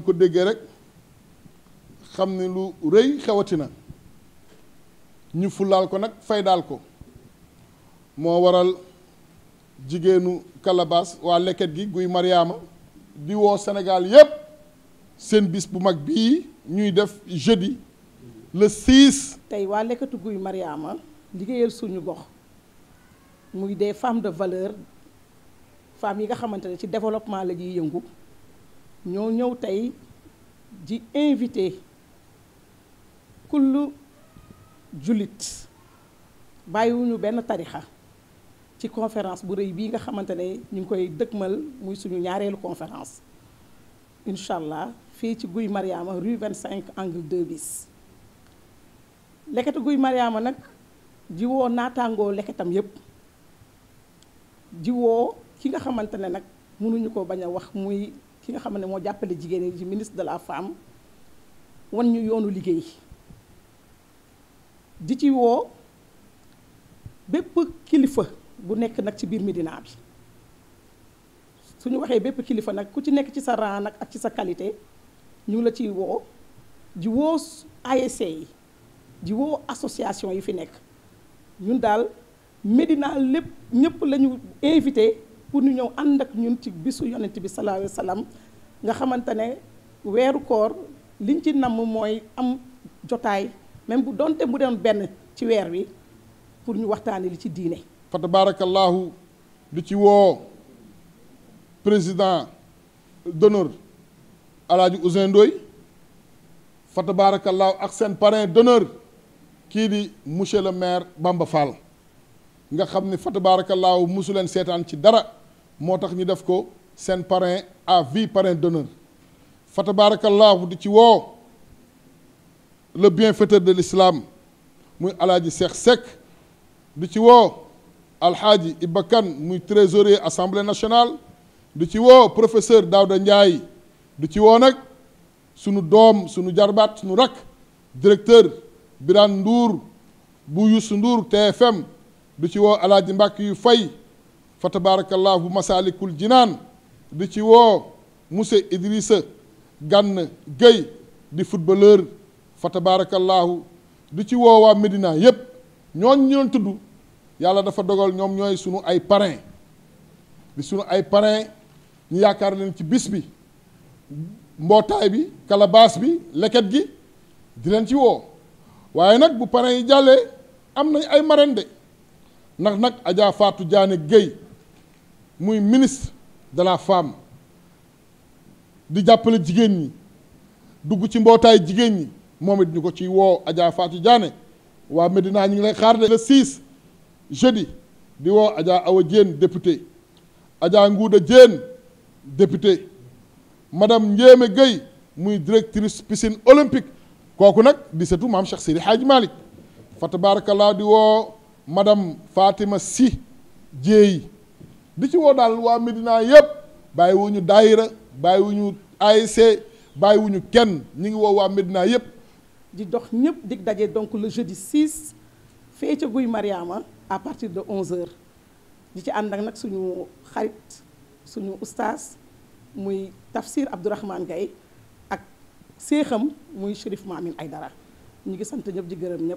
ngeen ko déggee rek xam ne lu rëy xewati na ñu fulaal ko nag fay daal ko moo waral jigéenu Calabas waa leket gi guy Mariama di woo Sénégal yépp seen bis bu mag bii ñuy def jeudi le 6. tey waa leketu guy Mariama liggéeyal suñu gox muy des femmes de valeur femmes yi nga xamante ne ci développement la ñuy yëngu. ñoo ñëw tey di invité kullu jullit bàyyiwuñu benn tarixa ci conférence bu rëy bii nga xamante ne ñu ngi koy dëkkmal muy suñu ñaareelu conférence incha allah fii ci Guy Mariama rue cinq angle 2 bis leketu Guy Mariama nag jiwoo woo naataangoo leketam yépp jiwoo ki nga xamante ne nag mënuñu ko bañ a wax muy ki nga xam ne moo jàppale jigéen ñi ci ministre de la femme wan ñu yoonu liggéey di ci woo bépp kilifa bu nekk nag ci biir Médina bi suñu waxee bépp kilifa nag ku ci nekk ci sa rang ak ci sa qualité ñu la ci woo di woo ASC association yi fi nekk ñun daal Médina lépp ñëpp la ñu invité pour ñu ñëw ànd ak ñun ci bisu yonent bi sallallahu alayhi wa sallam nga xamante ne weeru koor liñ ci namm mooy am jotaay même bu donte mu doon benn ci weer wi pour ñu waxtaane li ci diine fa tabarakallahu du ci woo président d'honneur alaaji Ousseyn Ndoye fa tabarakallahu ak seen parrain d'honneur kii di monsieur le maire Bamba Fall nga xam ne fa tabarakallahu musu leen seetaan ci dara motax ñu def ko parrain à vie parrain d'honneur donneur. barakallah ci le bienfaiteur de l'islam muy alaaji Cheikh sek di ci Ibakan muy trésorier assemblée nationale di ci professeur Daouda Ndiaye di ci wo nak suñu dom directeur Birandour Ndour bu TFM di ci wo fay fa tabaarakallaahu masaalikul jinaan di ci woo monsieur Idrissa gànn Gueye di footballeur fa tabaarakallaahu di ci woo waa Médina yépp ñooñ ñu tudd yàlla dafa dogal ñoom ñooy sunu ay parrain di sunu ay parrain ñu yaakaar leen ci bis bi mbootaay bi kalabaas bi leket gi di leen ci woo waaye nag bu parrain yi jàllee am nañ ay marraine de ndax nag Adja Fatou Diané Gueye muy ministre de la femme di jàppale jigéen ñi dugg ci mbootaay jigéen ñi moom it ñu ko ci woo Adja Fatou Diané waa Medina ñu ngi lay xaar de le 6 jeudi di woo Adja Awa Diène député Adja Ngouda Diène député madame Ndiémé Gueye muy directrice piscine olympique kooku nag di setu maam Cheikh Sidi Hadj Malick fa tabarakallah di woo madame Fatima Sy Dieye di ci woo daal Medina yeb bayiwuñu bayiwuñu ASC bayiwuñu kenn ñi ngi wo wa Medina yeb di dox ñep dig dajé donc le jeudi 6 fee Guy à partir de 11h di ci que nak suñu xarit suñu la muy Tafsir Abdourahmane gay ak seexam muy Chérif Mamine Aydara ñi ngi